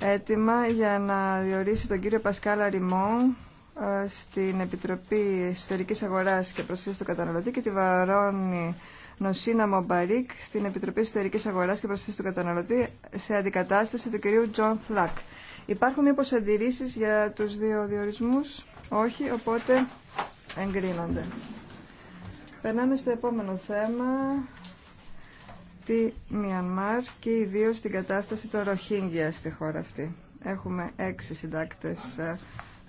έτοιμα για να διορίσει τον κύριο Πασκάλα Ριμό ε, στην Επιτροπή Ιστορικής Αγοράς και Προστασίας του Καταναλωτή και τη Βαρόνη Νοσίνα Μομπαρίκ στην Επιτροπή Ιστορικής Αγοράς και Προστασίας του Καταναλωτή σε αντικατάσταση του κυρίου Τζον Φλακ. Υπάρχουν μήπως αντιρρήσεις για τους δύο διορισμούς? Όχι, οπότε εγκρίνονται. Περνάμε στο επόμενο θέμα στη Μιανμάρ και ιδίως στην κατάσταση των Ροχίνγκια στη χώρα αυτή. Έχουμε έξι συντάκτες ε,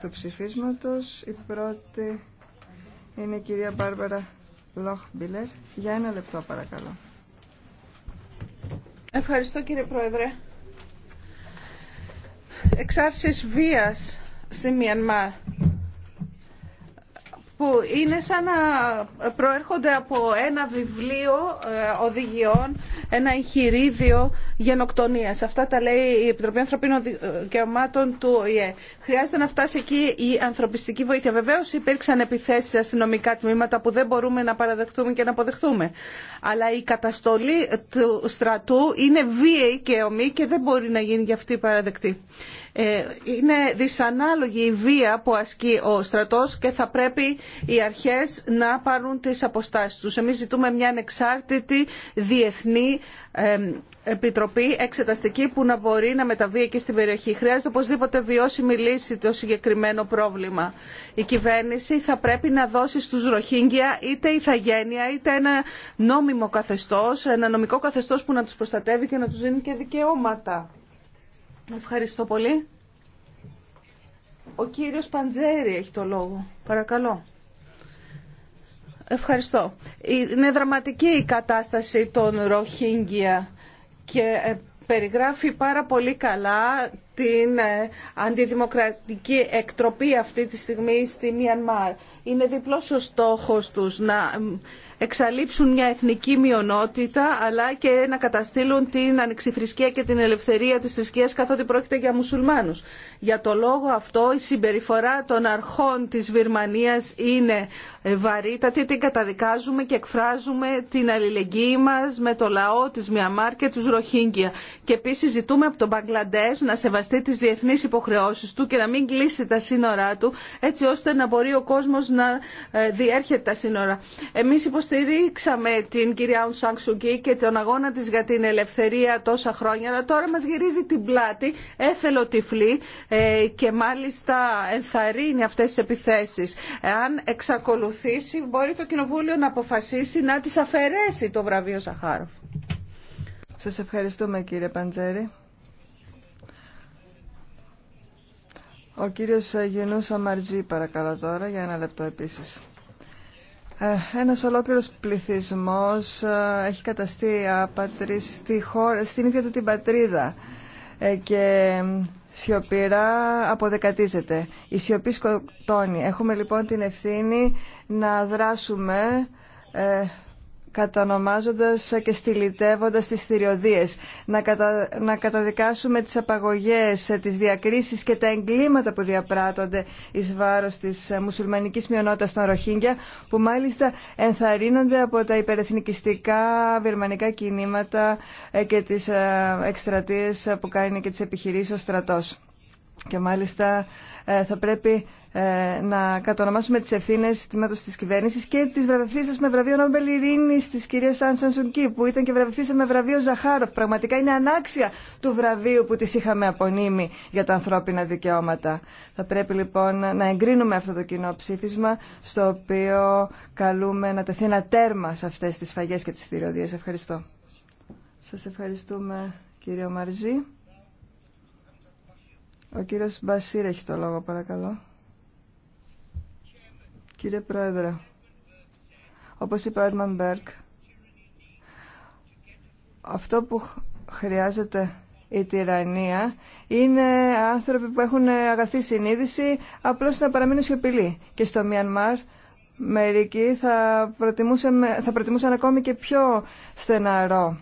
του ψηφίσματος. Η πρώτη είναι η κυρία Μπάρμπαρα Λόχμπιλερ. Για ένα λεπτό παρακαλώ. Ευχαριστώ κύριε Πρόεδρε. Εξάρσεις βίας στη Μιανμάρ που είναι σαν να προέρχονται από ένα βιβλίο ε, οδηγιών, ένα εγχειρίδιο γενοκτονίας. Αυτά τα λέει η Επιτροπή Ανθρωπίνων ε, Δικαιωμάτων του ΟΗΕ. Χρειάζεται να φτάσει εκεί η ανθρωπιστική βοήθεια. Βεβαίως υπήρξαν επιθέσεις σε αστυνομικά τμήματα που δεν μπορούμε να παραδεχτούμε και να αποδεχτούμε. Αλλά η καταστολή του στρατού είναι βίαιη και ομή και δεν μπορεί να γίνει για αυτή παραδεκτή. Ε, είναι δυσανάλογη η βία που ασκεί ο στρατός και θα πρέπει οι αρχές να πάρουν τις αποστάσεις τους. Εμείς ζητούμε μια ανεξάρτητη διεθνή επιτροπή εξεταστική που να μπορεί να μεταβεί και στην περιοχή. Χρειάζεται οπωσδήποτε βιώσιμη λύση το συγκεκριμένο πρόβλημα. Η κυβέρνηση θα πρέπει να δώσει στους Ροχίνγκια είτε ηθαγένεια είτε ένα νόμιμο καθεστώς, ένα νομικό καθεστώς που να του προστατεύει και να του δίνει και δικαιώματα. Ευχαριστώ πολύ. Ο κύριος Παντζέρη έχει το λόγο. Παρακαλώ. Ευχαριστώ. Είναι δραματική η κατάσταση των Ροχίνγκια και ε, περιγράφει πάρα πολύ καλά την ε, αντιδημοκρατική εκτροπή αυτή τη στιγμή στη Μιανμάρ. Είναι διπλός ο στόχος τους να εξαλείψουν μια εθνική μειονότητα αλλά και να καταστήλουν την ανεξιθρησκεία και την ελευθερία της θρησκείας καθότι πρόκειται για μουσουλμάνους. Για το λόγο αυτό η συμπεριφορά των αρχών της Βυρμανίας είναι ε, βαρύτατη, την καταδικάζουμε και εκφράζουμε την αλληλεγγύη μας με το λαό της Μιαμάρ και τους Ροχίνγκια. Και επίσης ζητούμε από τον Μπαγκλαντές να σεβαστεί τις διεθνείς υποχρεώσεις του και να μην κλείσει τα σύνορά του έτσι ώστε να μπορεί ο κόσμος να ε, διέρχεται τα σύνορα. Εμείς υποστηρίξαμε την κυρία Αουν και τον αγώνα της για την ελευθερία τόσα χρόνια αλλά τώρα μας γυρίζει την πλάτη έθελο τυφλή ε, και μάλιστα ενθαρρύνει αυτές τις επιθέσεις. Αν εξακολουθήσει μπορεί το Κοινοβούλιο να αποφασίσει να της αφαιρέσει το βραβείο Σαχάροφ. Σας ευχαριστούμε κύριε Παντζέρη. Ο κύριος Γιουνού Αμαρτζή, παρακαλώ τώρα για ένα λεπτό επίσης. Ε, ένας ολόκληρος πληθυσμός ε, έχει καταστεί άπατρη χώρα, στην ίδια του την πατρίδα ε, και σιωπηρά αποδεκατίζεται. Η σιωπή σκοτώνει. Έχουμε λοιπόν την ευθύνη να δράσουμε κατανομάζοντας και στυλιτεύοντας τις θηριωδίες, να, κατα... να καταδικάσουμε τις απαγωγές, ε, τις διακρίσεις και τα εγκλήματα που διαπράττονται εις βάρος της ε, μουσουλμανικής μειονότητας των Ροχίνγκια, που μάλιστα ενθαρρύνονται από τα υπερεθνικιστικά βιρμανικά κινήματα ε, και τις εκστρατείες που κάνει και τις επιχειρήσεις ο στρατός. Και μάλιστα θα πρέπει ε, να κατονομάσουμε τις ευθύνες τμήματος της κυβέρνησης και τις σας με βραβείο Νόμπελ Ειρήνης της κυρίας Αν που ήταν και βραβευθείς με βραβείο Ζαχάροφ. Πραγματικά είναι ανάξια του βραβείου που τις είχαμε απονείμει για τα ανθρώπινα δικαιώματα. Θα πρέπει λοιπόν να εγκρίνουμε αυτό το κοινό ψήφισμα στο οποίο καλούμε να τεθεί ένα τέρμα σε αυτές τις φαγές και τις θηριωδίες. Ευχαριστώ. Σας ευχαριστούμε κύριο Μαρζή. Ο κύριος Μπασίρ έχει το λόγο παρακαλώ. Κύριε Πρόεδρε, όπως είπε ο Έρμαν Μπέρκ, αυτό που χρειάζεται η τυραννία είναι άνθρωποι που έχουν αγαθή συνείδηση απλώς να παραμείνουν σιωπηλοί. Και στο Μιανμάρ μερικοί θα, θα προτιμούσαν ακόμη και πιο στεναρό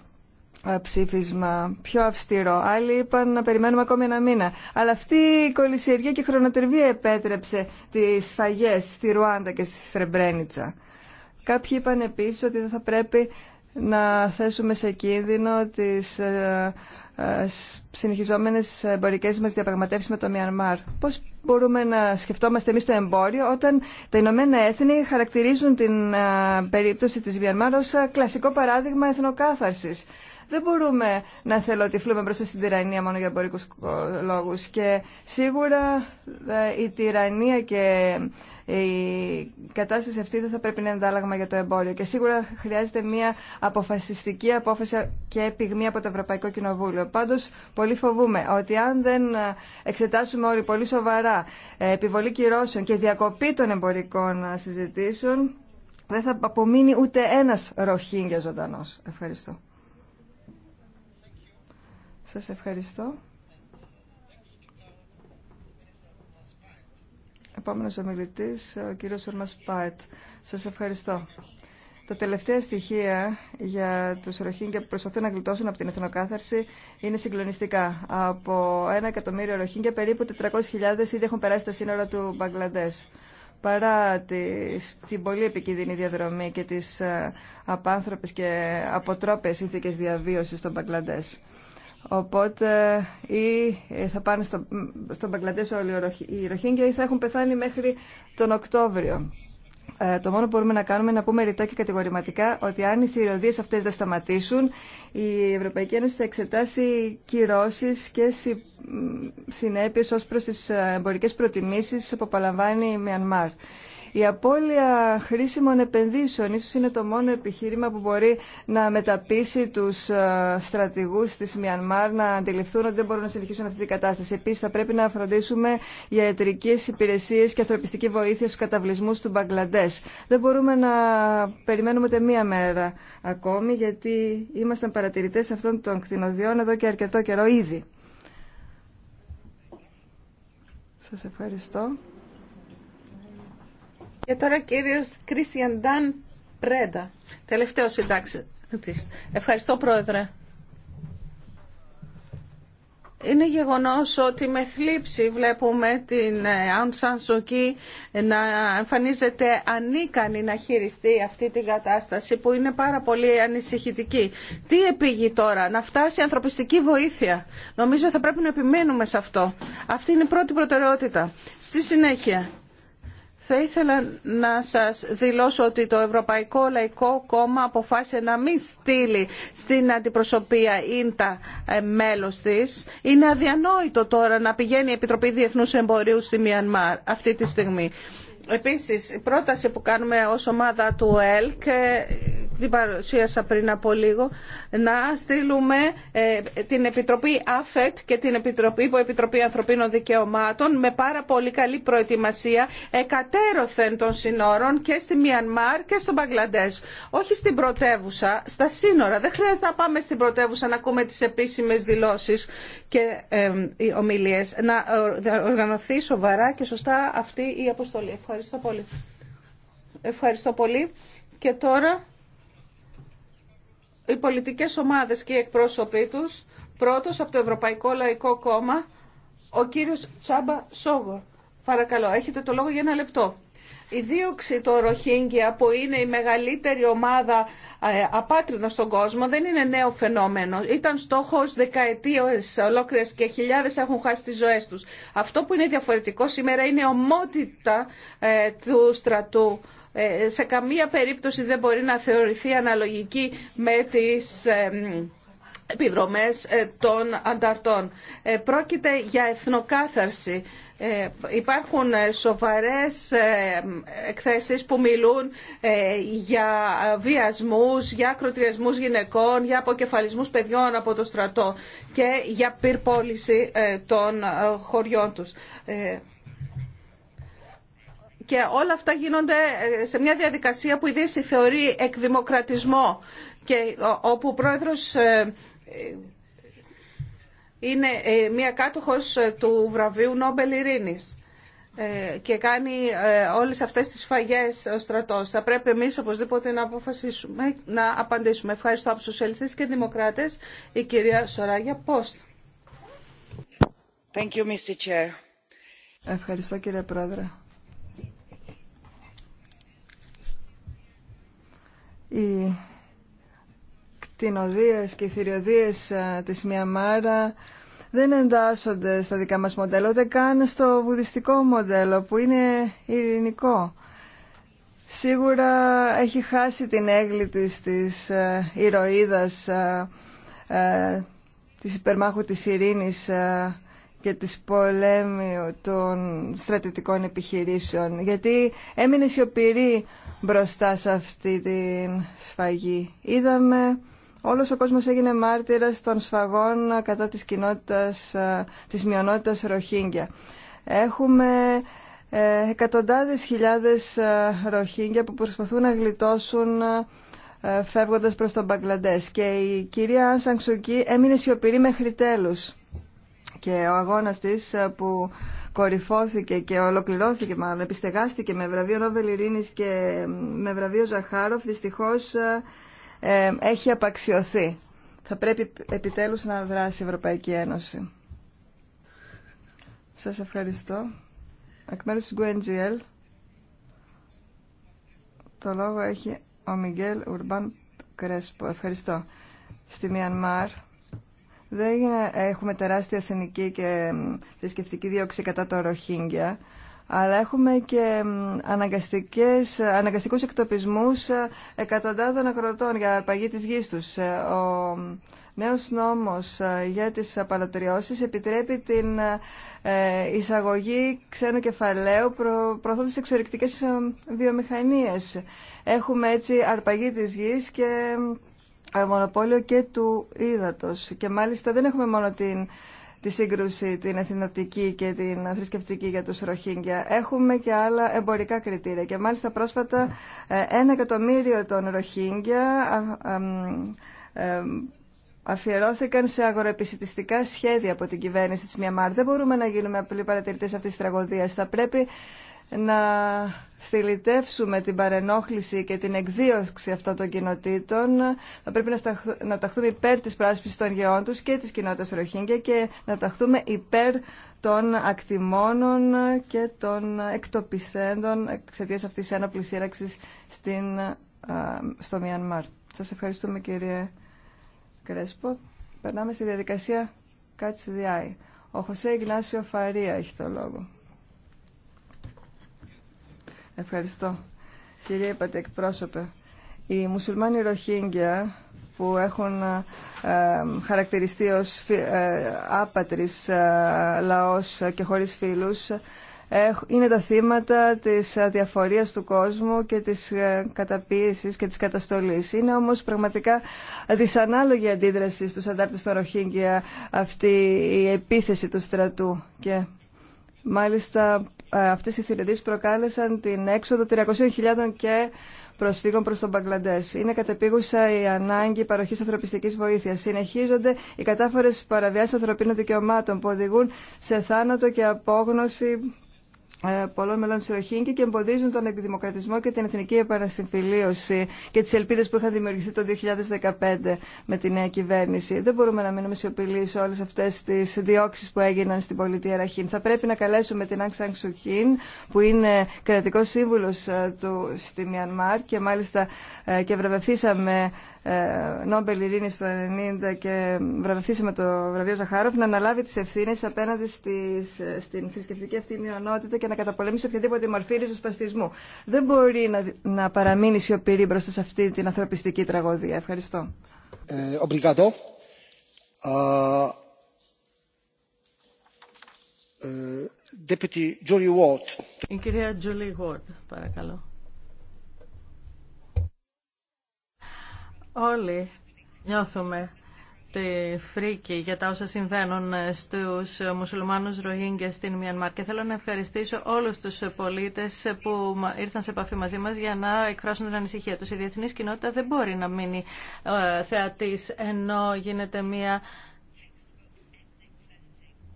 ε, ψήφισμα πιο αυστηρό. Άλλοι είπαν να περιμένουμε ακόμη ένα μήνα. Αλλά αυτή η κολυσιεργία και η χρονοτριβία επέτρεψε τι σφαγέ στη Ρουάντα και στη Στρεμπρένιτσα. Κάποιοι είπαν επίση ότι δεν θα πρέπει να θέσουμε σε κίνδυνο τις ε, ε, συνεχιζόμενες εμπορικέ μα διαπραγματεύσει με το Μιανμάρ. Πώ μπορούμε να σκεφτόμαστε εμεί το εμπόριο όταν τα Ηνωμένα Έθνη χαρακτηρίζουν την ε, περίπτωση της Μιανμάρ ως ε, κλασικό παράδειγμα εθνοκάθαρση. Δεν μπορούμε να θέλω ότι φλούμε μπροστά στην τυραννία μόνο για εμπόρικού λόγου. και σίγουρα η τυραννία και η κατάσταση αυτή δεν θα πρέπει να είναι αντάλλαγμα για το εμπόριο. Και σίγουρα χρειάζεται μια αποφασιστική απόφαση και πυγμή από το Ευρωπαϊκό Κοινοβούλιο. Πάντω, πολύ φοβούμε ότι αν δεν εξετάσουμε όλοι πολύ σοβαρά ε, επιβολή κυρώσεων και διακοπή των εμπορικών συζητήσεων, δεν θα απομείνει ούτε ένας ροχίνγκια ζωντανό. Ευχαριστώ. Σας ευχαριστώ. Επόμενος ομιλητής, ο κύριος Ορμας Πάετ. Σας ευχαριστώ. Τα τελευταία στοιχεία για τους Ροχίνγκια που προσπαθούν να γλιτώσουν από την εθνοκάθαρση είναι συγκλονιστικά. Από ένα εκατομμύριο Ροχίνγκια περίπου 400.000 ήδη έχουν περάσει τα σύνορα του Μπαγκλαντές. Παρά τις, την πολύ επικίνδυνη διαδρομή και τις ε, απάνθρωπες και αποτρόπες συνθήκες διαβίωσης των Μπαγκλαντές. Οπότε ή ε, θα πάνε στο, στον Μπαγκλαντές όλοι οι Ροχίνγκια ή θα έχουν πεθάνει μέχρι τον Οκτώβριο. Ε, το μόνο που μπορούμε να κάνουμε είναι να πούμε ρητά και κατηγορηματικά ότι αν οι θηριωδίες αυτές δεν σταματήσουν, η Ευρωπαϊκή Ένωση θα εξετάσει κυρώσεις και συνέπειες ως προς τις ε, εμπορικές προτιμήσεις που απολαμβάνει η Μιανμάρ. Η απώλεια χρήσιμων επενδύσεων ίσως είναι το μόνο επιχείρημα που μπορεί να μεταπίσει τους ε, στρατηγούς της Μιανμάρ να αντιληφθούν ότι δεν μπορούν να συνεχίσουν αυτή την κατάσταση. Επίσης θα πρέπει να φροντίσουμε για ιατρικές υπηρεσίες και ανθρωπιστική βοήθεια στους καταβλισμούς του Μπαγκλαντές. Δεν μπορούμε να περιμένουμε ούτε μία μέρα ακόμη γιατί ήμασταν παρατηρητές αυτών των κτηνοδιών εδώ και αρκετό καιρό ήδη. Σας ευχαριστώ. Και τώρα κύριος Κρίστιαν Ντάν Πρέντα, τελευταίο συντάξη τη. Ευχαριστώ πρόεδρε. Είναι γεγονός ότι με θλίψη βλέπουμε την Αουν ε, Σανσουκή να εμφανίζεται ανίκανη να χειριστεί αυτή την κατάσταση που είναι πάρα πολύ ανησυχητική. Τι επήγει τώρα, να φτάσει η ανθρωπιστική βοήθεια. Νομίζω θα πρέπει να επιμένουμε σε αυτό. Αυτή είναι η πρώτη προτεραιότητα. Στη συνέχεια, θα ήθελα να σας δηλώσω ότι το Ευρωπαϊκό Λαϊκό Κόμμα αποφάσισε να μην στείλει στην αντιπροσωπεία ίντα ε, μέλος της. Είναι αδιανόητο τώρα να πηγαίνει η Επιτροπή Διεθνούς Εμπορίου στη Μιανμάρ αυτή τη στιγμή. Επίσης, η πρόταση που κάνουμε ως ομάδα του ΕΛΚ ε, την παρουσίασα πριν από λίγο, να στείλουμε ε, την Επιτροπή ΑΦΕΤ και την Επιτροπή, Επιτροπή Ανθρωπίνων Δικαιωμάτων με πάρα πολύ καλή προετοιμασία εκατέρωθεν των συνόρων και στη Μιανμάρ και στο Μπαγκλαντές. Όχι στην πρωτεύουσα, στα σύνορα. Δεν χρειάζεται να πάμε στην πρωτεύουσα να ακούμε τις επίσημες δηλώσεις και ε, οι ομιλίες. Να ε, οργανωθεί σοβαρά και σωστά αυτή η αποστολή. Ευχαριστώ πολύ. Ευχαριστώ πολύ. Και τώρα οι πολιτικές ομάδες και οι εκπρόσωποι τους. Πρώτος από το Ευρωπαϊκό Λαϊκό Κόμμα, ο κύριος Τσάμπα Σόγορ. Παρακαλώ, έχετε το λόγο για ένα λεπτό η δίωξη των Ροχίνγκια που είναι η μεγαλύτερη ομάδα ε, απάτριδα στον κόσμο δεν είναι νέο φαινόμενο. Ήταν στόχος δεκαετίες ολόκληρε και χιλιάδες έχουν χάσει τι ζωές τους. Αυτό που είναι διαφορετικό σήμερα είναι η ομότητα ε, του στρατού. Ε, σε καμία περίπτωση δεν μπορεί να θεωρηθεί αναλογική με τις επιδρομές των ανταρτών. Πρόκειται για εθνοκάθαρση ε, υπάρχουν ε, σοβαρές ε, εκθέσεις που μιλούν για βιασμούς, για ακροτριασμούς γυναικών, για αποκεφαλισμούς παιδιών από το στρατό και για πυρπόληση των χωριών τους. Και όλα αυτά γίνονται σε μια διαδικασία που η Δύση θεωρεί εκδημοκρατισμό και όπου ο πρόεδρος είναι ε, μια κάτοχος ε, του βραβείου Νόμπελ Ειρήνης ε, και κάνει όλες αυτές τις φαγές ο στρατός. Θα πρέπει εμείς οπωσδήποτε να αποφασίσουμε, να απαντήσουμε. Ευχαριστώ από τους σοσιαλιστές και δημοκράτες, η κυρία Σοράγια Πόστ. Ευχαριστώ κύριε Πρόεδρε. Η κτηνοδίες και θηριωδίες ε, της Μιαμάρα δεν εντάσσονται στα δικά μας μοντέλα, ούτε καν στο βουδιστικό μοντέλο που είναι ειρηνικό. Σίγουρα έχει χάσει την έγκλη της, της ε, ηρωίδας, ε, της υπερμάχου της ειρήνης και της πολέμιου των στρατιωτικών επιχειρήσεων, γιατί έμεινε σιωπηρή μπροστά σε αυτή την σφαγή. Είδαμε Όλος ο κόσμος έγινε μάρτυρας των σφαγών κατά της κοινότητας, ε, της μειονότητας Ροχίνγκια. Έχουμε ε, εκατοντάδες χιλιάδες ε, Ροχίνγκια που προσπαθούν να γλιτώσουν φεύγοντας προς τον Μπαγκλαντές και η κυρία Σανξουκή έμεινε σιωπηρή μέχρι τέλους και ο αγώνας της που κορυφώθηκε και ολοκληρώθηκε μάλλον επιστεγάστηκε με βραβείο Νόβελ Ειρήνης και με βραβείο Ζαχάροφ δυστυχώς ε, έχει απαξιωθεί. Θα πρέπει επιτέλους να δράσει η Ευρωπαϊκή Ένωση. Σας ευχαριστώ. Εκ μέρους του Γκουεντζιέλ. το λόγο έχει ο Μιγγέλ Ουρμπάν Κρέσπο. Ευχαριστώ. Στη Μιανμάρ δεν έχουμε τεράστια εθνική και θρησκευτική δίωξη κατά το Ροχίνγκια, αλλά έχουμε και αναγκαστικές, αναγκαστικούς εκτοπισμούς ε, εκατοντάδων ακροτών για αρπαγή της γης τους. Ε, ο νέος νόμος ε, για τις απαλωτριώσεις επιτρέπει την εισαγωγή ξένου κεφαλαίου προ, προωθώντας βιομηχανίες. Έχουμε έτσι αρπαγή της γης και μονοπόλιο και του ύδατος. Και μάλιστα δεν έχουμε μόνο την τη σύγκρουση την εθνοτική και την θρησκευτική για τους Ροχίνγκια. Έχουμε και άλλα εμπορικά κριτήρια και μάλιστα πρόσφατα ε, ένα εκατομμύριο των Ροχίνγκια αφιερώθηκαν σε αγοροεπισητιστικά σχέδια από την κυβέρνηση της Μιαμάρ. Δεν μπορούμε να γίνουμε απλοί παρατηρητές αυτής της τραγωδίας. Θα πρέπει να στυλιτεύσουμε την παρενόχληση και την εκδίωξη αυτών των κοινοτήτων. Θα πρέπει να ταχθούμε υπέρ της πράσπισης των γεών τους και της κοινότητας Ροχίνγκια και να ταχθούμε υπέρ των ακτιμώνων και των εκτοπιστέντων εξαιτία αυτής της ένοπλης σύραξης στην, στο Μιανμάρ. Σας ευχαριστούμε κύριε Κρέσπο. Περνάμε στη διαδικασία Catch Ο Χωσέ Γνάσιο Φαρία έχει το λόγο. Ευχαριστώ. Κυρία είπατε εκπρόσωπε, οι μουσουλμάνοι Ροχίνγκια που έχουν ε, χαρακτηριστεί ως ε, άπατρης ε, λαός και χωρίς φίλους είναι τα θύματα της αδιαφορίας του κόσμου και της καταπίεσης και της καταστολής. Είναι όμως πραγματικά δυσανάλογη αντίδραση στους αντάρτες των Ροχίνγκια αυτή η επίθεση του στρατού και Μάλιστα ε, αυτές οι θηρετήσεις προκάλεσαν την έξοδο 300.000 και προσφύγων προς τον Μπαγκλαντές. Είναι κατεπίγουσα η ανάγκη παροχής ανθρωπιστικής βοήθειας. Συνεχίζονται οι κατάφορες παραβιάσεις ανθρωπίνων δικαιωμάτων που οδηγούν σε θάνατο και απόγνωση ε, πολλών μελών τη Ροχίνγκη και εμποδίζουν τον εκδημοκρατισμό και την εθνική επανασυμφιλίωση και τι ελπίδε που είχαν δημιουργηθεί το 2015 με τη νέα κυβέρνηση. Δεν μπορούμε να μείνουμε σιωπηλοί σε όλε αυτέ τι διώξει που έγιναν στην πολιτεία Ραχίν. Θα πρέπει να καλέσουμε την Αγκ Σαν Σουχίν, που είναι κρατικό σύμβουλο ε, του στη Μιανμάρ και μάλιστα ε, και βραβευθήσαμε ε, Νόμπελ Ειρήνη το 1990 και βραβευθήσε με το βραβείο Ζαχάροφ να αναλάβει τι ευθύνε απέναντι στις, στην θρησκευτική αυτή μειονότητα και να καταπολεμήσει οποιαδήποτε μορφή ριζοσπαστισμού. Δεν μπορεί να, να παραμείνει σιωπηρή μπροστά σε αυτή την ανθρωπιστική τραγωδία. Ευχαριστώ. Ε, ε Η κυρία Τζολί Ward, παρακαλώ. Όλοι νιώθουμε τη φρίκη για τα όσα συμβαίνουν στους μουσουλμάνους Ροχίνγκια στην Μιανμάρ και θέλω να ευχαριστήσω όλους τους πολίτες που ήρθαν σε επαφή μαζί μας για να εκφράσουν την ανησυχία τους. Η διεθνής κοινότητα δεν μπορεί να μείνει ε, θεατής ενώ γίνεται μια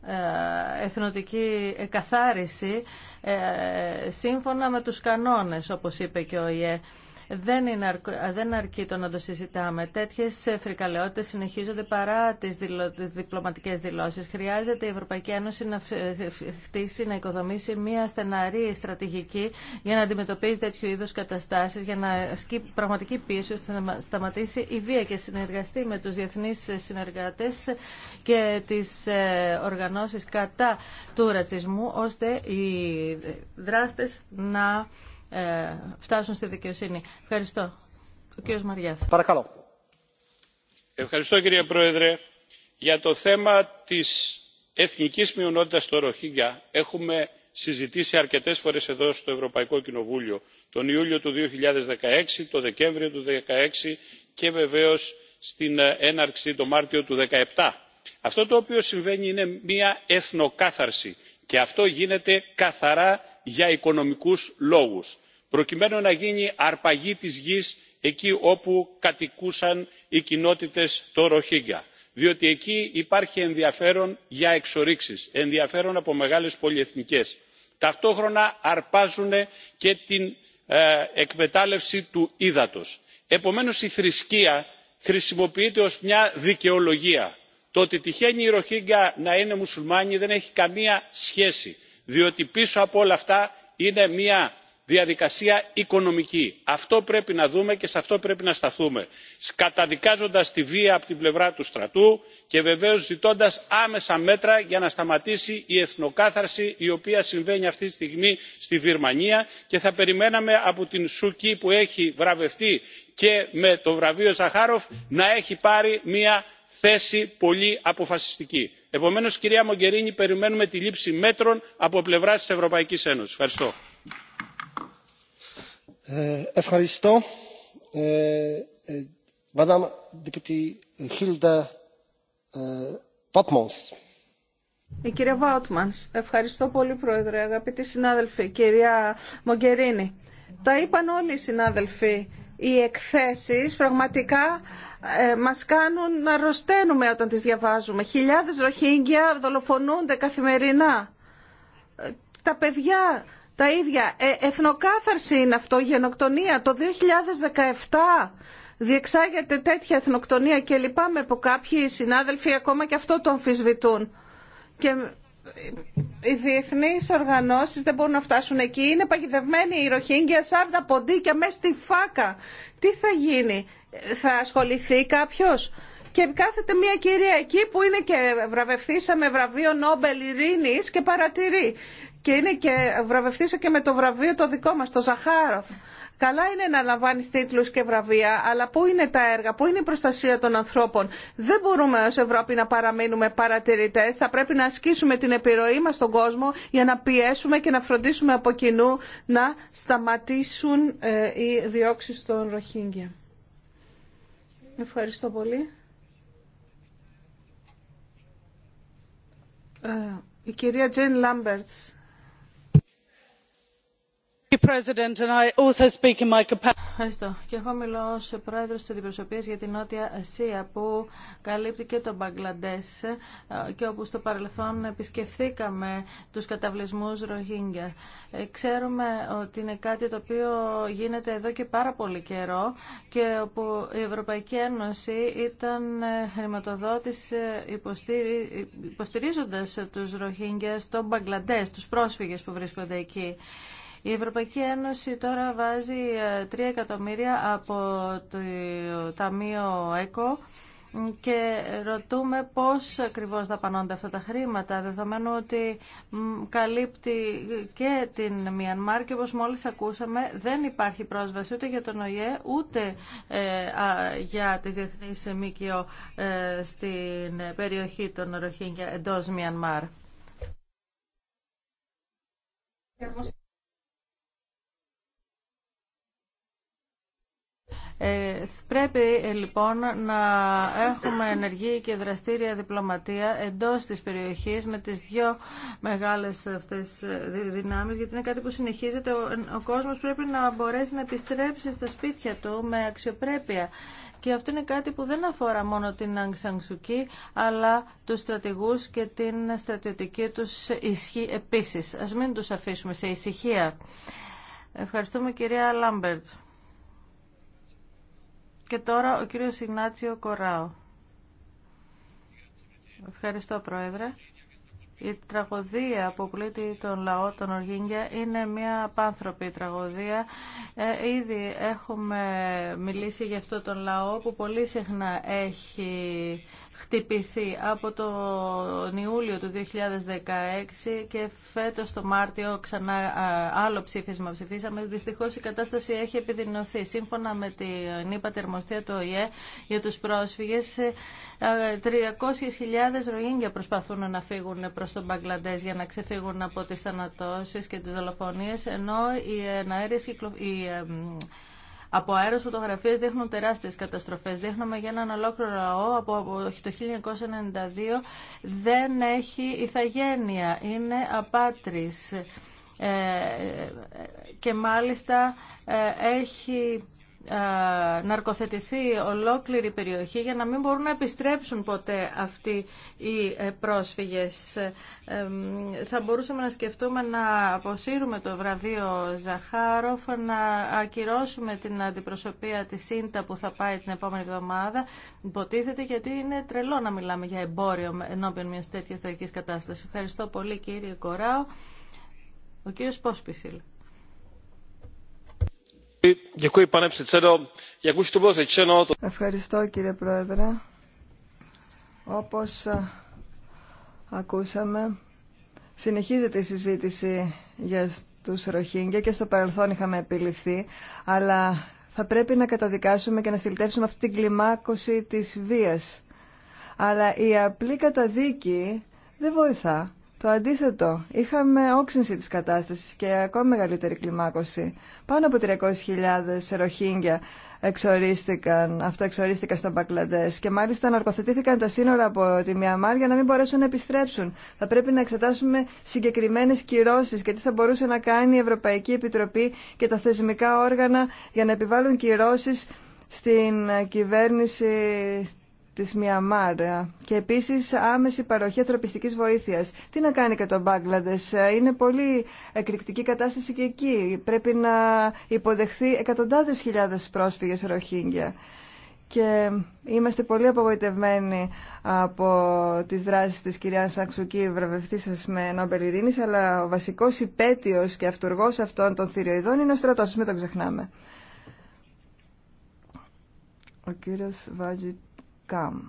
ε, εθνοτική καθάριση ε, σύμφωνα με τους κανόνες όπως είπε και ο ΙΕ. Δεν, είναι αρκ... αρκεί το να το συζητάμε. Τέτοιε φρικαλαιότητε συνεχίζονται παρά τι δηλω... διπλωματικέ δηλώσει. Χρειάζεται η Ευρωπαϊκή Ένωση να ε, ε, χτίσει, να οικοδομήσει μια στεναρή στρατηγική για να αντιμετωπίζει τέτοιου είδου καταστάσει, για να ασκεί πραγματική πίεση ώστε να σταματήσει η βία και συνεργαστεί με του διεθνεί συνεργάτε και τι ε, οργανώσει κατά του ρατσισμού, ώστε οι δράστε να ε, φτάσουν στη δικαιοσύνη. Ευχαριστώ. Ο κύριος Μαριάς. Παρακαλώ. Ευχαριστώ κύριε Πρόεδρε. Για το θέμα της εθνικής μειονότητας στο Ροχίγια έχουμε συζητήσει αρκετές φορές εδώ στο Ευρωπαϊκό Κοινοβούλιο. Τον Ιούλιο του 2016, τον Δεκέμβριο του 2016 και βεβαίως στην ε, έναρξη τον Μάρτιο του 2017. Αυτό το οποίο συμβαίνει είναι μια εθνοκάθαρση και αυτό γίνεται καθαρά για οικονομικούς λόγους προκειμένου να γίνει αρπαγή της γης εκεί όπου κατοικούσαν οι κοινότητες των ροχίνγκια διότι εκεί υπάρχει ενδιαφέρον για εξορίξεις ενδιαφέρον από μεγάλες πολυεθνικές. ταυτόχρονα αρπάζουν και την ε, εκμετάλλευση του ύδατος. επομένως η θρησκεία χρησιμοποιείται ως μια δικαιολογία. το ότι τυχαίνει οι ροχίγκια να είναι μουσουλμάνοι δεν έχει καμία σχέση διότι πίσω από όλα αυτά είναι μια διαδικασία οικονομική. αυτό πρέπει να δούμε και σε αυτό πρέπει να σταθούμε καταδικάζοντας τη βία από την πλευρά του στρατού και βεβαίως ζητώντας άμεσα μέτρα για να σταματήσει η εθνοκάθαρση η οποία συμβαίνει αυτή τη στιγμή στη βυρμανία και θα περιμέναμε από την σου που έχει βραβευτεί και με το βραβείο ζαχάροφ να έχει πάρει μια θέση πολύ αποφασιστική. επομένως κυρία μογκερίνη περιμένουμε τη λήψη μέτρων από πλευρά της Ευρωπαϊκή Ένωση. ευχαριστώ. Ε, ευχαριστώ. Ε, ε, Η κυρία ευχαριστώ πολύ Πρόεδρε, αγαπητοί συνάδελφοι, κυρία Μογκερίνη. Τα είπαν όλοι οι συνάδελφοι. Οι εκθέσεις πραγματικά μας κάνουν να αρρωσταίνουμε όταν τις διαβάζουμε. Χιλιάδες ροχίνγκια δολοφονούνται καθημερινά. Τα παιδιά τα ίδια. Ε, εθνοκάθαρση είναι αυτό, γενοκτονία. Το 2017 διεξάγεται τέτοια εθνοκτονία και λυπάμαι που κάποιοι συνάδελφοι ακόμα και αυτό το αμφισβητούν. Και οι διεθνεί οργανώσει δεν μπορούν να φτάσουν εκεί. Είναι παγιδευμένοι οι Ροχίνγκια σαν ποντίκια μέσα στη φάκα. Τι θα γίνει, θα ασχοληθεί κάποιο. Και κάθεται μια κυρία εκεί που είναι και βραβευθήσα με βραβείο Νόμπελ Ειρήνη και παρατηρεί. Και είναι και βραβευθήσα και με το βραβείο το δικό μας, το Ζαχάροφ. Καλά είναι να λαμβάνει τίτλου και βραβεία, αλλά πού είναι τα έργα, πού είναι η προστασία των ανθρώπων. Δεν μπορούμε ω Ευρώπη να παραμείνουμε παρατηρητέ. Θα πρέπει να ασκήσουμε την επιρροή μα στον κόσμο για να πιέσουμε και να φροντίσουμε από κοινού να σταματήσουν ε, οι διώξει των Ροχίνγκια. Ευχαριστώ πολύ. Ε, η κυρία Τζέν Λάμπερτς. Ευχαριστώ. Και εγώ μιλώ ω πρόεδρο τη Αντιπροσωπεία για την Νότια Ασία που καλύπτει και τον Μπαγκλαντέ ε, και όπου στο παρελθόν επισκεφθήκαμε του καταβλισμού Ροχίνγκια. Ε, ξέρουμε ότι είναι κάτι το οποίο γίνεται εδώ και πάρα πολύ καιρό και όπου η Ευρωπαϊκή Ένωση ήταν ε, χρηματοδότηση υποστηρίζοντα του Ροχίνγκια στο Μπαγκλαντέ, του πρόσφυγε που βρίσκονται εκεί. Η Ευρωπαϊκή Ένωση τώρα βάζει 3 ε, εκατομμύρια από το Ταμείο ΕΚΟ και ρωτούμε πώς ακριβώς δαπανώνται αυτά τα χρήματα, δεδομένου ότι καλύπτει και την Μιανμάρ και όπως μόλις ακούσαμε δεν υπάρχει πρόσβαση ούτε για τον ΟΗΕ ούτε ε, για τις διεθνείς ΜΚΟ ε, στην περιοχή των Ροχίνγκια εντός Μιανμάρ. Ε, πρέπει ε, λοιπόν να έχουμε ενεργή και δραστήρια διπλωματία εντός της περιοχής με τις δύο μεγάλες αυτές ε, δυνάμεις γιατί είναι κάτι που συνεχίζεται. Ο, κόσμος πρέπει να μπορέσει να επιστρέψει στα σπίτια του με αξιοπρέπεια και αυτό είναι κάτι που δεν αφορά μόνο την Αγξανξουκή αλλά τους στρατηγούς και την στρατιωτική τους ισχύ επίσης. Ας μην τους αφήσουμε σε ησυχία. Ευχαριστούμε κυρία Λάμπερτ. Και τώρα ο κύριος Ιγνάτσιο Κοράου. Ευχαριστώ, Πρόεδρε. Η τραγωδία που πλήττει τον λαό των Οργίνγκια είναι μια πάνθρωπη τραγωδία. Ε, ήδη έχουμε μιλήσει για αυτό τον λαό που πολύ συχνά έχει χτυπηθεί από τον Ιούλιο του 2016 και φέτος το Μάρτιο ξανά άλλο ψήφισμα ψηφίσαμε. Δυστυχώς η κατάσταση έχει επιδεινωθεί. Σύμφωνα με την ΥΠΑ Τερμοστία του ΟΗΕ για τους πρόσφυγες, 300.000 ε, Ροήνγκια προσπαθούν να φύγουν προς τον Μπαγκλαντές για να ξεφύγουν από τις θανατώσεις και τις δολοφονίες, ενώ οι, ε, από φωτογραφίες δείχνουν τεράστιες καταστροφές. Δείχνουμε για έναν ολόκληρο λαό από το 1992 δεν έχει ηθαγένεια, είναι απάτρις. Ε, ε, ε, και μάλιστα έχει ναρκοθετηθεί ολόκληρη η περιοχή για να μην μπορούν να επιστρέψουν ποτέ αυτοί οι ε, πρόσφυγες. Θα μπορούσαμε να σκεφτούμε να αποσύρουμε το βραβείο Ζαχάροφ, να ακυρώσουμε την αντιπροσωπεία της ΣΥΝΤΑ που θα πάει την επόμενη εβδομάδα. Υποτίθεται γιατί είναι τρελό να μιλάμε για εμπόριο ενώπιον μιας τέτοιας τραγικής κατάστασης. Ευχαριστώ πολύ κύριε Κοράου. Ο κύριος Πόσπισιλ. Ευχαριστώ κύριε Πρόεδρε. Όπως ε, ακούσαμε, συνεχίζεται η συζήτηση για τους Ροχίνγκια και στο παρελθόν είχαμε επιληφθεί, αλλά θα πρέπει να καταδικάσουμε και να στυλτεύσουμε αυτή την κλιμάκωση της βίας. Αλλά η απλή καταδίκη δεν βοηθά. Το αντίθετο, είχαμε όξυνση της κατάστασης και ακόμη μεγαλύτερη κλιμάκωση. Πάνω από 300.000 ροχίνγκια εξορίστηκαν, αυτά στον Πακλαντές και μάλιστα ναρκοθετήθηκαν τα σύνορα από τη Μιαμάρ για να μην μπορέσουν να επιστρέψουν. Θα πρέπει να εξετάσουμε συγκεκριμένες κυρώσεις και τι θα μπορούσε να κάνει η Ευρωπαϊκή Επιτροπή και τα θεσμικά όργανα για να επιβάλλουν κυρώσεις στην κυβέρνηση Τη Μιαμάρ και επίσης άμεση παροχή ανθρωπιστικής βοήθειας. Τι να κάνει και το Μπάγκλαντε. είναι πολύ εκρηκτική κατάσταση και εκεί. Πρέπει να υποδεχθεί εκατοντάδε χιλιάδε πρόσφυγες Ροχίνγκια. Και είμαστε πολύ απογοητευμένοι από τις δράσεις της κυρίας Σαξουκή, βραβευτή σας με Νόμπελ Ειρήνης, αλλά ο βασικός υπέτειος και αυτούργος αυτών των θηριοειδών είναι ο στρατός, μην το ξεχνάμε. Καμ.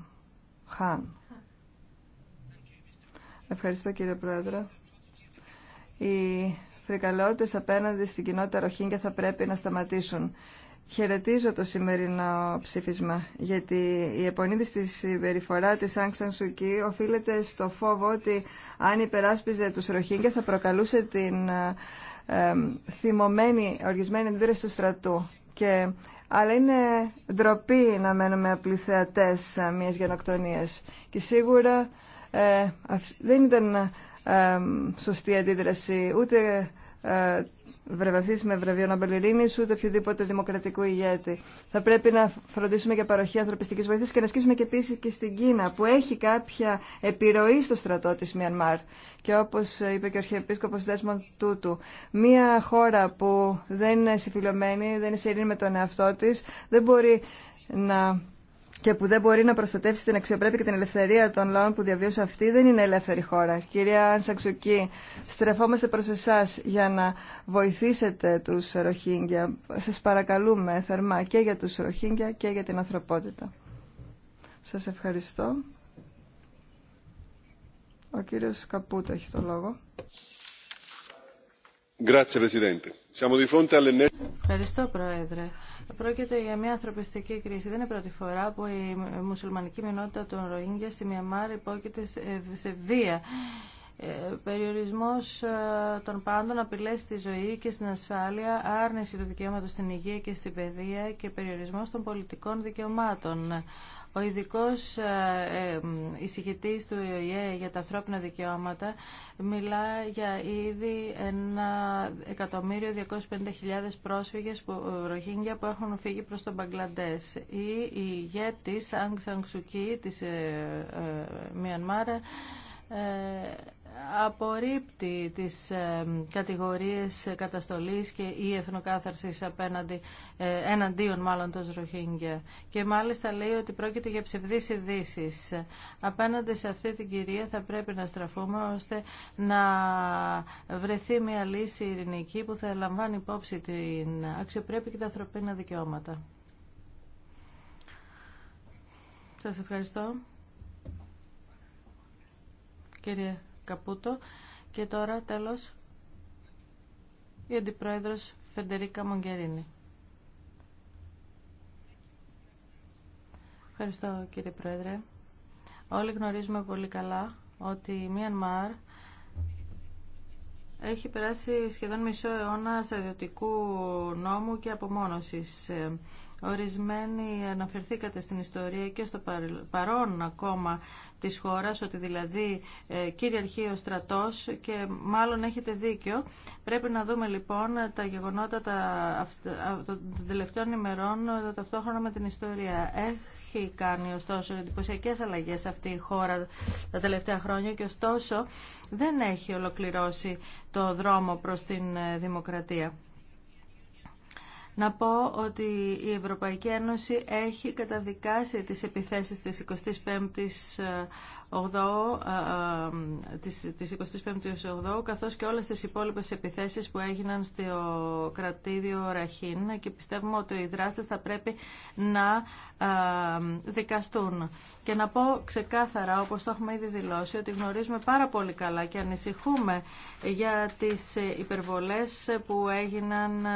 Χαν. Ευχαριστώ κύριε Πρόεδρε. Οι φρικαλαιότητες απέναντι στην κοινότητα Ροχίνγκια θα πρέπει να σταματήσουν. Χαιρετίζω το σημερινό ψήφισμα, γιατί η επονίδη στη συμπεριφορά της Άγξαν Σουκή οφείλεται στο φόβο ότι αν υπεράσπιζε τους Ροχίνγκια θα προκαλούσε την ε, ε, θυμωμένη, οργισμένη αντίδραση του στρατού. Αλλά είναι ντροπή να μένουμε απλοί θεατές ε, μία γενοκτονία. Και σίγουρα ε, δεν ήταν ε, ε, σωστή αντίδραση ούτε Βρεβευθείς με βραβείο Νόμπελ Ειρήνης, ούτε οποιοδήποτε δημοκρατικού ηγέτη. Θα πρέπει να φροντίσουμε για παροχή ανθρωπιστικής βοήθειας και να ασκήσουμε και επίση και στην Κίνα, που έχει κάποια επιρροή στο στρατό της Μιανμάρ. Και όπως είπε και ο Αρχιεπίσκοπος Δέσμον Τούτου, μια χώρα που δεν είναι συμφιλωμένη, δεν είναι σε ειρήνη με τον εαυτό της, δεν μπορεί να και που δεν μπορεί να προστατεύσει την αξιοπρέπεια και την ελευθερία των λαών που διαβίωσαν αυτή δεν είναι ελεύθερη χώρα. Κυρία Ανσαξουκή, στρεφόμαστε προς εσάς για να βοηθήσετε τους Ροχίνγκια. Σας παρακαλούμε θερμά και για τους Ροχίνγκια και για την ανθρωπότητα. Σας ευχαριστώ. Ο κύριος Καπούτο έχει το λόγο. Ευχαριστώ, Πρόεδρε. Πρόκειται για μια ανθρωπιστική κρίση. Δεν είναι πρώτη φορά που η μουσουλμανική μειονότητα των Ροίνγκια στη Μιαμάρ υπόκειται σε βία. Ε, περιορισμό ε, των πάντων, απειλέ στη ζωή και στην ασφάλεια, άρνηση του δικαιώματο στην υγεία και στην παιδεία και περιορισμό των πολιτικών δικαιωμάτων. Ο ειδικό ε, ε, εισηγητή του ΙΟΙΕ για τα ανθρώπινα δικαιώματα μιλά για ήδη ένα εκατομμύριο 250.000 πρόσφυγες που, ε, Ροχίνγκια που έχουν φύγει προς τον Μπαγκλαντέ. η ηγέτης τη της Μιανμάρα απορρίπτει τις ε, κατηγορίες καταστολής και ή εθνοκάθαρσης απέναντι, ε, εναντίον μάλλον των Ροχίνγκια. Και μάλιστα λέει ότι πρόκειται για ψευδείς ειδήσει. Απέναντι σε αυτή την κυρία θα πρέπει να στραφούμε ώστε να βρεθεί μια λύση ειρηνική που θα λαμβάνει υπόψη την αξιοπρέπεια και τα ανθρωπίνα δικαιώματα. Σας ευχαριστώ. Κύριε Καπούτο και τώρα τέλος η Αντιπρόεδρος Φεντερίκα Μογκερίνη. Ευχαριστώ κύριε Πρόεδρε. Όλοι γνωρίζουμε πολύ καλά ότι η Μιανμάρ έχει περάσει σχεδόν μισό αιώνα στρατιωτικού νόμου και απομόνωσης. Ορισμένοι αναφερθήκατε στην ιστορία και στο παρόν ακόμα της χώρας, ότι δηλαδή ε, κυριαρχεί ο στρατός και μάλλον έχετε δίκιο. Πρέπει να δούμε λοιπόν τα γεγονότα τα, των τελευταίων ημερών ε, ταυτόχρονα με την ιστορία. Έχει κάνει ωστόσο εντυπωσιακέ αλλαγέ αυτή η χώρα τα τελευταία χρόνια και ωστόσο δεν έχει ολοκληρώσει το δρόμο προς την ε, δημοκρατία. Να πω ότι η Ευρωπαϊκή Ένωση έχει καταδικάσει τις επιθέσεις της 25ης ε, ε, της, 25ης 8 καθώς και όλες τις υπόλοιπες επιθέσεις που έγιναν στο κρατήδιο Ραχίν και πιστεύουμε ότι οι δράστες θα πρέπει να ε, δικαστούν. Και να πω ξεκάθαρα, όπως το έχουμε ήδη δηλώσει, ότι γνωρίζουμε πάρα πολύ καλά και ανησυχούμε για τις υπερβολές που έγιναν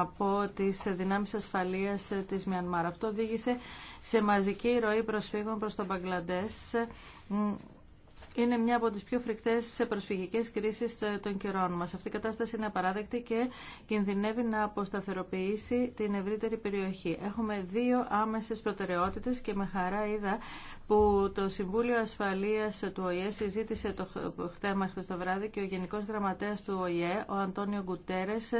από τις δυνάμεις ασφαλείας της Μιανμάρα. Αυτό οδήγησε σε μαζική ροή προσφύγων προς τον Μπαγκλαντές είναι μια από τις πιο φρικτές προσφυγικές κρίσεις ε, των καιρών μας. Αυτή η κατάσταση είναι απαράδεκτη και κινδυνεύει να αποσταθεροποιήσει την ευρύτερη περιοχή. Έχουμε δύο άμεσες προτεραιότητες και με χαρά είδα που το Συμβούλιο Ασφαλείας του ΟΗΕ συζήτησε το θέμα χθες το βράδυ και ο Γενικός Γραμματέας του ΟΗΕ, ο Αντώνιο Γκουτέρες,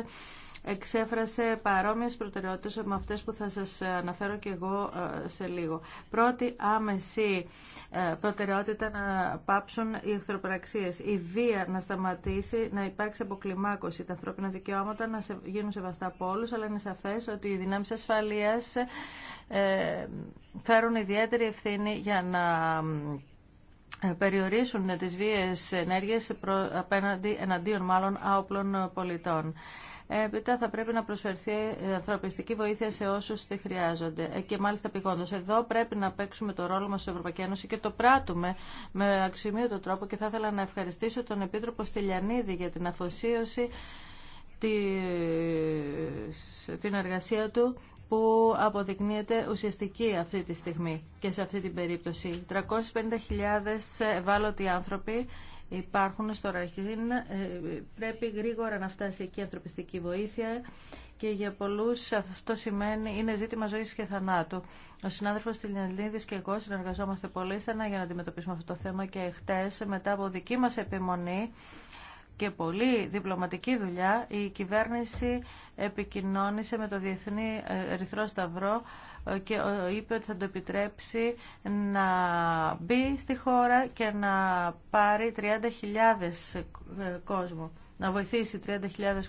εξέφρασε παρόμοιες προτεραιότητες με αυτές που θα σας αναφέρω και εγώ ε, σε λίγο. Πρώτη άμεση ε, προτεραιότητα να πάψουν οι εχθροπραξίες, η βία να σταματήσει, να υπάρξει αποκλιμάκωση, τα ανθρώπινα δικαιώματα να γίνουν σεβαστά από όλους, αλλά είναι σαφές ότι οι δυνάμεις ασφαλείας ε, φέρουν ιδιαίτερη ευθύνη για να περιορίσουν τις βίες ενέργειες απέναντι εναντίον μάλλον άοπλων πολιτών. Έπειτα θα πρέπει να προσφερθεί ανθρωπιστική βοήθεια σε όσου τη χρειάζονται. Ε, και μάλιστα πηγόντω. Εδώ πρέπει να παίξουμε το ρόλο μα στην Ευρωπαϊκή Ένωση και το πράττουμε με αξιμίωτο τρόπο. Και θα ήθελα να ευχαριστήσω τον Επίτροπο Στυλιανίδη για την αφοσίωση την εργασία του που αποδεικνύεται ουσιαστική αυτή τη στιγμή και σε αυτή την περίπτωση. 350.000 ευάλωτοι άνθρωποι υπάρχουν στο Ραχήν. Ε, πρέπει γρήγορα να φτάσει εκεί η ανθρωπιστική βοήθεια και για πολλούς αυτό σημαίνει είναι ζήτημα ζωή και θανάτου. Ο συνάδελφος Τηλιανλίδης και εγώ συνεργαζόμαστε πολύ στενά για να αντιμετωπίσουμε αυτό το θέμα και χτε, μετά από δική μας επιμονή και πολύ διπλωματική δουλειά η κυβέρνηση επικοινώνησε με το Διεθνή ε, Ερυθρό Σταυρό και είπε ότι θα το επιτρέψει να μπει στη χώρα και να πάρει 30.000 κόσμο, να βοηθήσει 30.000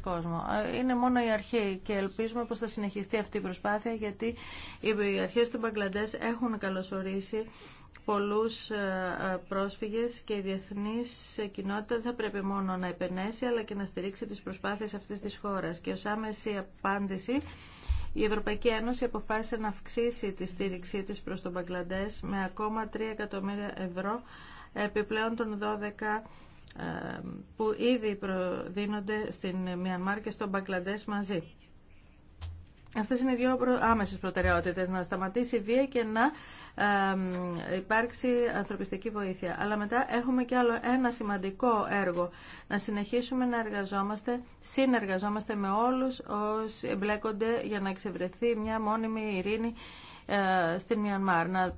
κόσμο. Ε, είναι μόνο η αρχή και ελπίζουμε πως θα συνεχιστεί αυτή η προσπάθεια γιατί οι αρχές του Μπαγκλαντές έχουν καλωσορίσει πολλούς ε, ε, πρόσφυγες και η διεθνής κοινότητα θα πρέπει μόνο να επενέσει αλλά και να στηρίξει τις προσπάθειες αυτής της χώρας. Και ως άμεση απάντηση η Ευρωπαϊκή Ένωση αποφάσισε να αυξήσει τη στήριξή της προς τον Μπαγκλαντές με ακόμα 3 εκατομμύρια ευρώ επιπλέον των 12 ε, που ήδη προδίνονται στην Μιανμάρ και στον Μπαγκλαντές μαζί. Αυτές είναι οι δύο άμεσες προτεραιότητες, να σταματήσει η βία και να υπάρξει ανθρωπιστική βοήθεια. Αλλά μετά έχουμε και άλλο ένα σημαντικό έργο, να συνεχίσουμε να εργαζόμαστε, συνεργαζόμαστε με όλους όσοι εμπλέκονται για να εξευρεθεί μια μόνιμη ειρήνη ε, στην Μιανμάρ, να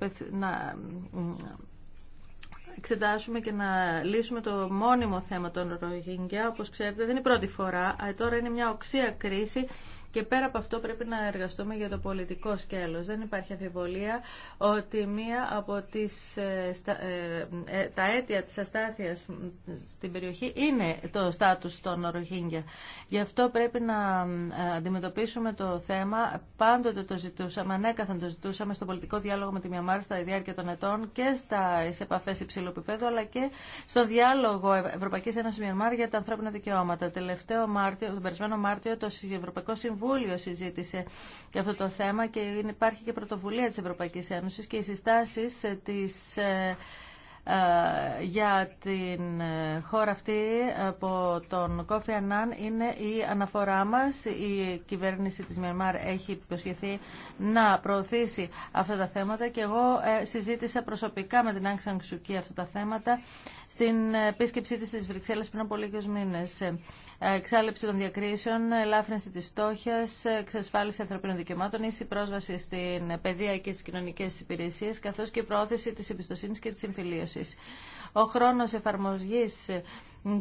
εξετάσουμε και να λύσουμε το μόνιμο θέμα των Ρογινγκιά. Όπως ξέρετε δεν είναι η πρώτη φορά, ε, τώρα είναι μια οξία κρίση και πέρα από αυτό πρέπει να εργαστούμε για το πολιτικό σκέλος. Δεν υπάρχει αφιβολία ότι μία από τις, ε, ε, ε, τα αίτια της αστάθειας στην περιοχή είναι το στάτους των Ροχίνγκια. Γι' αυτό πρέπει να αντιμετωπίσουμε το θέμα. Πάντοτε το ζητούσαμε, ανέκαθεν το ζητούσαμε στο πολιτικό διάλογο με τη Μιαμάρ στα διάρκεια των ετών και στα επαφέ υψηλού επίπεδου, αλλά και στο διάλογο Ευρωπαϊκή Ένωση Μιαμάρ για τα ανθρώπινα δικαιώματα. Τελευταίο Μάρτιο, τον περισμένο Μάρτιο, το Ευρωπαϊκό Συμβούλιο Συμβούλιο συζήτησε για αυτό το θέμα και υπάρχει και πρωτοβουλία της Ευρωπαϊκής Ένωσης και οι συστάσεις ε, της ε, ε, για την χώρα αυτή από τον Κόφι Ανάν είναι η αναφορά μας. Η κυβέρνηση της Μιανμάρ έχει υποσχεθεί να προωθήσει αυτά τα θέματα και εγώ συζήτησα προσωπικά με την Άγξαν Ξουκή αυτά τα θέματα στην επίσκεψή της στις Βρυξέλλες πριν από λίγους μήνες. Ε, εξάλληψη των διακρίσεων, ελάφρυνση της στόχιας, εξασφάλιση ανθρωπίνων δικαιωμάτων, ίση πρόσβαση στην παιδεία και στις κοινωνικές υπηρεσίες, καθώς και πρόθεση της εμπιστοσύνης και της συμφιλίωσης. Ο χρόνος εφαρμογής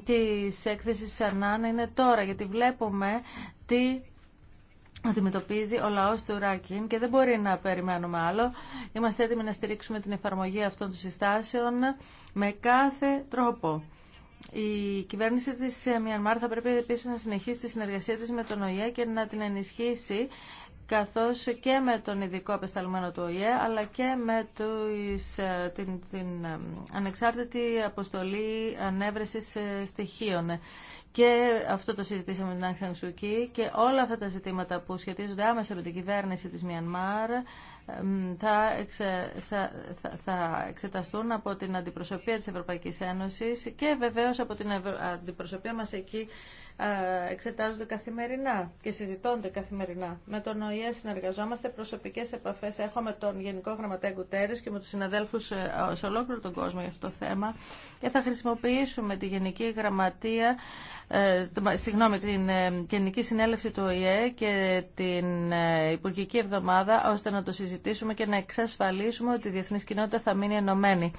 της έκθεσης Σανάν είναι τώρα, γιατί βλέπουμε τι αντιμετωπίζει ο λαός του Ράκιν και δεν μπορεί να περιμένουμε άλλο. Είμαστε έτοιμοι να στηρίξουμε την εφαρμογή αυτών των συστάσεων με κάθε τρόπο. Η κυβέρνηση της ε, Μιανμάρ θα πρέπει επίσης να συνεχίσει τη συνεργασία της με τον ΟΗΕ και να την ενισχύσει καθώς και με τον ειδικό απεσταλμένο του ΟΗΕ, αλλά και με ε, την, την ε, ανεξάρτητη αποστολή ανέβρεσης στοιχείων και αυτό το συζητήσαμε με την Άξαν Σουκή και όλα αυτά τα ζητήματα που σχετίζονται άμεσα με την κυβέρνηση της Μιανμάρ θα, εξε, θα εξεταστούν από την αντιπροσωπεία της Ευρωπαϊκής Ένωσης και βεβαίως από την αντιπροσωπεία μας εκεί ε, εξετάζονται καθημερινά και συζητώνται καθημερινά. Με τον ΟΗΕ συνεργαζόμαστε, προσωπικέ επαφές έχω με τον Γενικό Γραμματέα Κουτέρης και με τους συναδέλφους ε, σε ολόκληρο τον κόσμο για αυτό το θέμα και θα χρησιμοποιήσουμε τη Γενική Γραμματεία, ε, συγγνώμη, την Γενική Συνέλευση του ΟΗΕ και την Υπουργική Εβδομάδα ώστε να το συζητήσουμε και να εξασφαλίσουμε ότι η διεθνή κοινότητα θα μείνει ενωμένη.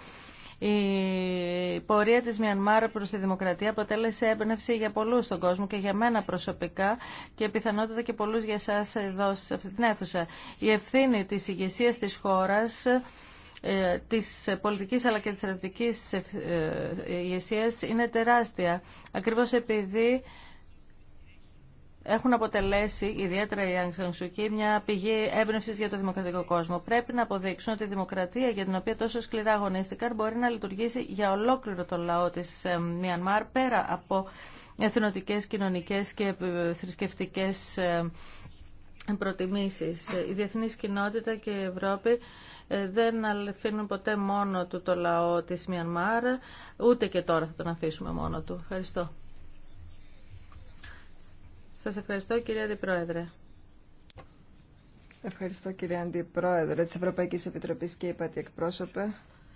Η πορεία της Μιανμάρ προς τη δημοκρατία αποτέλεσε έμπνευση για πολλούς στον κόσμο και για μένα προσωπικά και πιθανότητα και πολλούς για εσάς εδώ σε αυτή την αίθουσα. Η ευθύνη της ηγεσία της χώρας ε, της πολιτικής αλλά και της στρατηγικής ε, ε, ηγεσία είναι τεράστια. Ακριβώς επειδή έχουν αποτελέσει, ιδιαίτερα η Αγξανσουκή, μια πηγή έμπνευση για το δημοκρατικό κόσμο. Πρέπει να αποδείξουν ότι η δημοκρατία για την οποία τόσο σκληρά αγωνίστηκαν μπορεί να λειτουργήσει για ολόκληρο το λαό τη ε, Μιανμάρ πέρα από εθνοτικέ, κοινωνικέ και ε, θρησκευτικέ ε, προτιμήσει. Η διεθνή κοινότητα και η Ευρώπη δεν αφήνουν ποτέ μόνο του το λαό της Μιανμάρ, ούτε και τώρα θα τον αφήσουμε μόνο του. Ευχαριστώ. Σας ευχαριστώ κύριε Αντιπρόεδρε. Ευχαριστώ κύριε Αντιπρόεδρε της Ευρωπαϊκής Επιτροπής και είπατε εκπρόσωπε.